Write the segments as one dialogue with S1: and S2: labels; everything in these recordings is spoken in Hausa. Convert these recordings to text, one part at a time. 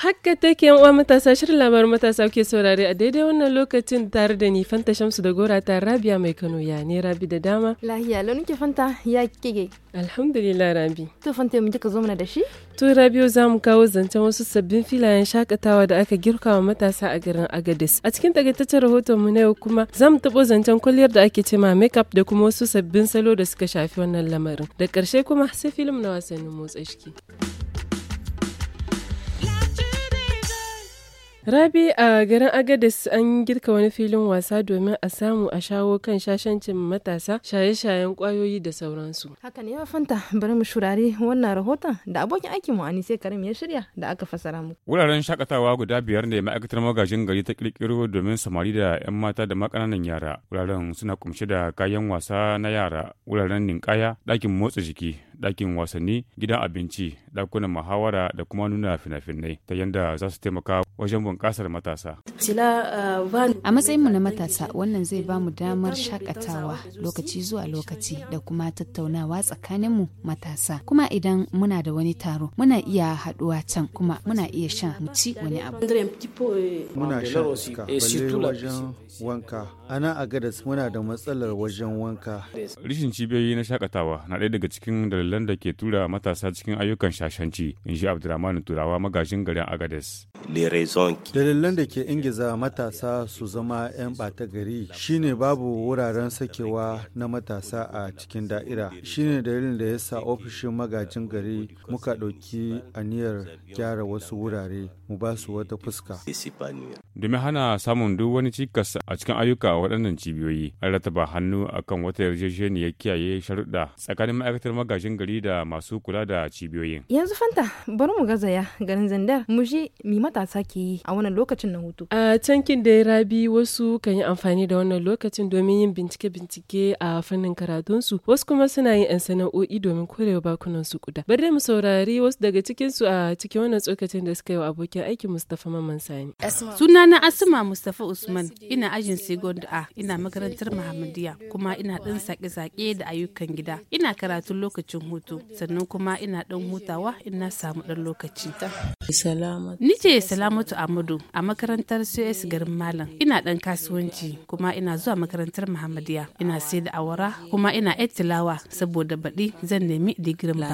S1: Hakka take yan uwa matasa shirin labarin matasa ke saurare a daidai wannan lokacin tare da ni Fanta Shamsu da Gora ta Rabia mai Kano ya ne Rabi da dama. Lahiya launin ke Fanta ya kike. Alhamdulillah Rabi. To Fanta mu kika zo mana da shi? To Rabiu za mu kawo zancen wasu sabbin filayen shakatawa da aka girka wa matasa a garin agadis A cikin takaitaccen rahoton mu na yau kuma za mu taɓo zancen kwalliyar da ake ce cema makeup da kuma wasu sabbin salo da suka shafi wannan lamarin. Da ƙarshe kuma sai filim na wasannin motsa jiki. Rabi a garin agadis an girka wani filin wasa domin a samu a shawo kan shashancin matasa shaye-shayen kwayoyi da sauransu.
S2: Haka ne ya fanta bari mu shurare wannan rahoton da abokin aikin mu Anise Karim ya shirya da aka fasara mu.
S3: Wuraren shakatawa guda biyar ne ma'aikatar magajin gari ta kirkiro domin samari da 'yan mata da makananan yara. Wuraren suna kumshi da kayan wasa na yara, wuraren ninkaya, ɗakin motsa jiki, dakin wasanni gidan abinci ɗakunan muhawara da kuma nuna fina-finai ta yadda za su taimaka wajen bunƙasar matasa
S4: uh, a matsayinmu na matasa wannan zai ba mu damar shakatawa lokaci zuwa lokaci da kuma tattaunawa tsakaninmu matasa kuma idan muna da wani taro muna iya haɗuwa can kuma muna iya shan mu ci wani abu
S5: euh, muna shan iska balle wajen wanka ana a gadas muna da matsalar wajen wanka
S3: rishin cibiyoyi na shakatawa na ɗaya daga cikin dalilan dalilan da ke tura matasa cikin ayyukan shashanci in ji abdulrahmanu turawa magajin garin agades dalilan
S5: da ke ingiza matasa su zama 'yan ɓata gari shine babu wuraren sakewa na matasa a cikin da'ira shine dalilin da ya sa ofishin magajin gari muka ɗauki aniyar gyara wasu wurare mu ba su wata fuska
S3: domin hana samun duk wani cikas a cikin ayyuka waɗannan cibiyoyi an rataba hannu akan wata yarjejeniyar kiyaye sharuɗa tsakanin ma'aikatar magajin gari da masu kula da cibiyoyin.
S2: Yanzu Fanta bari mu zaya garin Zandar mu je mi matasa ke yi a wannan lokacin na hutu.
S1: A cankin da Rabi wasu kan yi amfani da wannan lokacin domin yin bincike-bincike a fannin karatunsu wasu kuma suna yin 'yan sana'o'i domin korewa bakunan su kuda. Bari mu saurari wasu daga cikinsu a cikin wannan tsokacin da suka yi wa abokin aiki Mustapha Mamman Sani. Suna
S4: na Asma Mustapha Usman ina ajin Segond A ina makarantar Muhammadiyya kuma ina ɗan saƙe-saƙe da ayyukan gida ina karatun lokacin hutu sannan kuma ina dan hutawa in na samu dan lokaci ni ce salamatu amadu a makarantar cs garin malam ina dan kasuwanci kuma ina zuwa makarantar muhammadiya ina sai da awara kuma ina yar tilawa saboda baɗi zan nemi digirin ba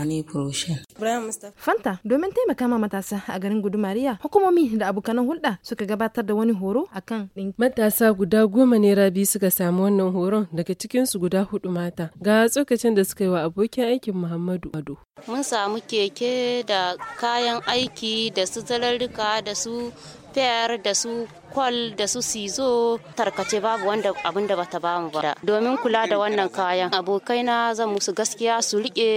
S2: fanta domin taimaka ma matasa a garin gudumariya hukumomi da abokanan hulɗa suka gabatar da wani horo
S1: akan matasa guda goma ne rabi suka samu wannan horon daga cikinsu guda hudu mata ga tsokacin da suka yi wa abokin aikin Muhammadu
S4: Mun samu keke da kayan aiki da su zararruka da su fiyar da su kwal da su sizo tarkace babu wanda abin da bata bamu ba domin kula da wannan kayan abokaina zan musu gaskiya su rike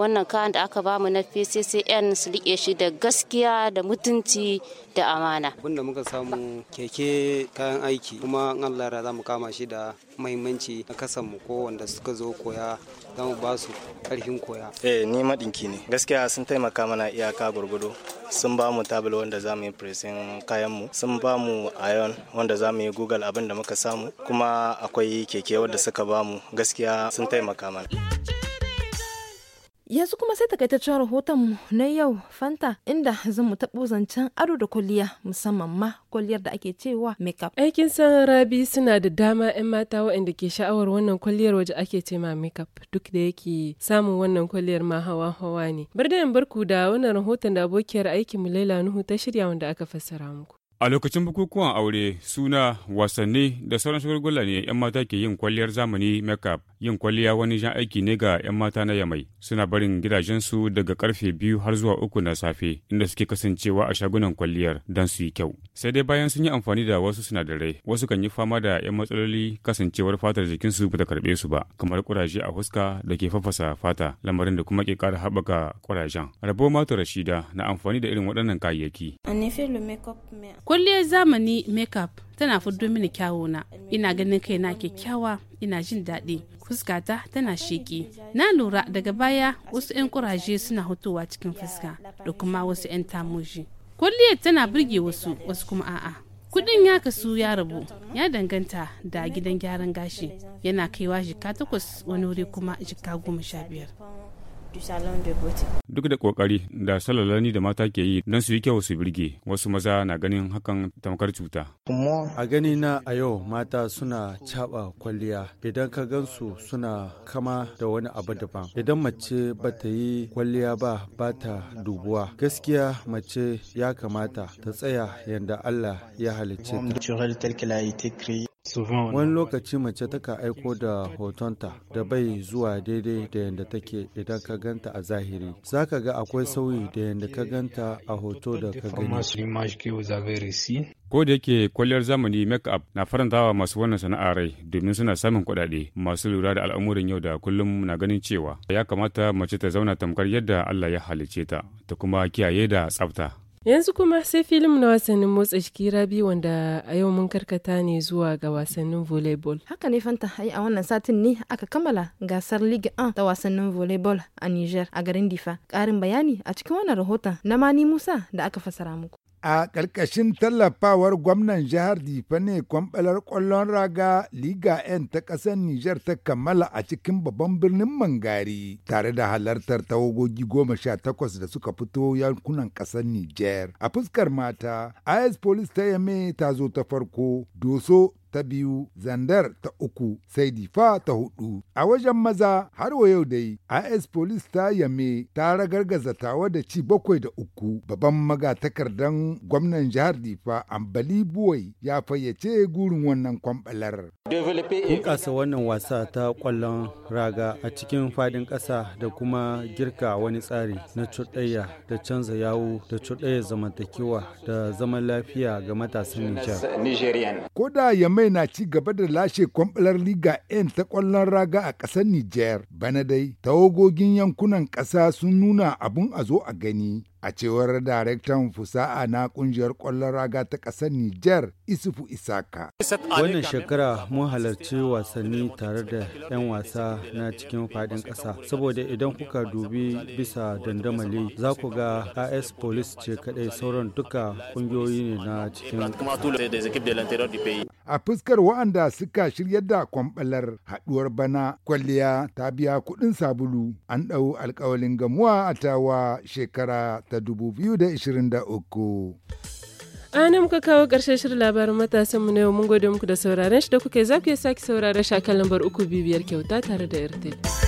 S4: wannan kayan da aka bamu na pccn su rike shi da gaskiya da mutunci da amana abin
S5: da muka samu keke kayan aiki kuma an allah za mu kama shi da mahimmanci na kasan mu ko wanda suka zo koya za mu ba su karfin koya eh ni madinki ne gaskiya sun taimaka mana iyaka gurgudu sun ba mu tabul wanda za mu yi presin kayan mu sun ba mu iron wanda za mu yi google abin da muka samu kuma akwai keke wanda suka ba mu gaskiya sun taimaka mana
S2: Yanzu kuma sai takaitaccen rahotonmu na yau Fanta inda zan mu taɓo zancen ado da kwalliya musamman ma kwalliyar
S1: da ake cewa makeup. Aikin eh, san rabi suna da dama 'yan mata waɗanda ke sha'awar wannan kwalliyar waje ake ce ma makeup duk da yake samun wannan kwalliyar ma hawa hawa ne. Bar da yan barku da wannan rahoton da abokiyar aikin mu Laila Nuhu ta shirya wanda aka fassara muku.
S3: A lokacin bukukuwan aure, suna, wasanni da sauran shagulgula ne 'yan mata ke yin kwalliyar zamani makeup. Yin kwalliya wani jan aiki ne ga 'yan mata na yamai. Suna barin gidajensu daga karfe biyu har zuwa uku na safe, inda suke kasancewa a shagunan kwalliyar don su yi kyau. Sai dai bayan sun yi amfani da wasu sinadarai, wasu kan yi fama da 'yan matsaloli kasancewar fatar jikinsu ba ta karɓe su ba, kamar kuraje a fuska da ke fafasa fata, lamarin da kuma ke ƙara haɓaka kurajen. Rabo Mata Rashida na amfani da irin waɗannan kayayyaki.
S4: kwalliyar zamani makeup tana fi mini kyawuna ina ganin kaina kyakkyawa ina jin daɗi fuskata tana sheƙi na lura daga baya wasu 'yan kuraje suna hutowa cikin fuska da kuma wasu 'yan tamoshi kwalliyar tana birge wasu wasu kuma a'a kudin ya kasu ya rabu ya danganta da gidan gyaran gashi yana kaiwa jika takwas wani wuri kuma jika goma sha biyar
S3: Duk da kokari da salalani da mata ke yi don su yi kyau su birge wasu maza na ganin hakan tamkar cuta.
S5: A gani na a yau mata suna caba kwalliya idan ka gansu suna kama da wani abu daban. Idan mace ba ta yi kwalliya ba ba ta dubuwa. Gaskiya mace ya kamata ta tsaya yadda Allah ya halicce ta. Wani lokaci mace taka aiko da hotonta da bai zuwa daidai da yadda take idan ka ganta a zahiri. Za ka ga akwai sauyi da yadda ka ganta a hoto da ka gani.
S3: Ko da yake kwalliyar zamani makeup ap na farantawa masu wannan sana'a rai domin suna samun kuɗaɗe masu lura da al'amuran yau da kullum na ganin cewa ya kamata mace ta zauna tamkar yadda Allah ya halicce ta ta kuma kiyaye da tsafta.
S1: Yanzu kuma sai filim na wasannin motsa jiki rabi wanda a yau mun karkata ne zuwa ga wasannin volleyball. Haka ne fanta hai a wannan
S2: satin ne aka kammala gasar Ligue 1 ta wasannin volleyball a Niger a garin Difa. Karin bayani a cikin wannan rahoton na Mani Musa da aka fasara muku.
S6: a ƙarƙashin tallafawar gwamnan jihar ne kwamɓalar ƙwallon raga liga n ta ƙasar nijar ta kammala a cikin babban birnin mangari tare da halartar tawagogi goma sha takwas da suka fito yankunan ƙasar nijar a fuskar mata is police ta yame ta zo ta farko doso ta biyu zandar ta uku sai difa ta hudu a wajen maza har wa yau dai is police ta yame ta ragargaza tawa da ci bakwai da uku babban magatakardan gwamnan jihar difa ambali buwai ya fayyace gurin wannan kwambalar
S5: bunƙasa wannan wasa ta kwallon raga a cikin fadin ƙasa da kuma girka wani tsari na cuɗayya da canza yawo da cuɗayya zamantakewa da zaman lafiya ga matasan nijar
S6: ko da mai na ci gaba da lashe kwamɓalar Liga N ta kwallon raga a ƙasar niger Bana dai, tawagogin yankunan ƙasa sun nuna abun a zo a gani. a cewar daraktan fusa'a na kungiyar kwallon raga ta ƙasar Nijar Isufu Isaka.
S5: Wannan shekara mun halarci wasanni tare da 'yan wasa na cikin faɗin ƙasa. Saboda idan kuka dubi bisa dandamali za ku ga AS Police ce kaɗai sauran duka ƙungiyoyi ne na cikin
S6: A fuskar wa'anda suka shirya da kwamɓalar haɗuwar bana kwalliya ta biya kuɗin sabulu an ɗau alƙawalin gamuwa a tawa shekara ta 2023.
S1: nan muka kawo ƙarshen shirin labarin matasan mu na yau mun gode muku da sauraron shi da kuke zafi ya sake sauraron shakan lambar uku bibiyar kyauta tare da irtel.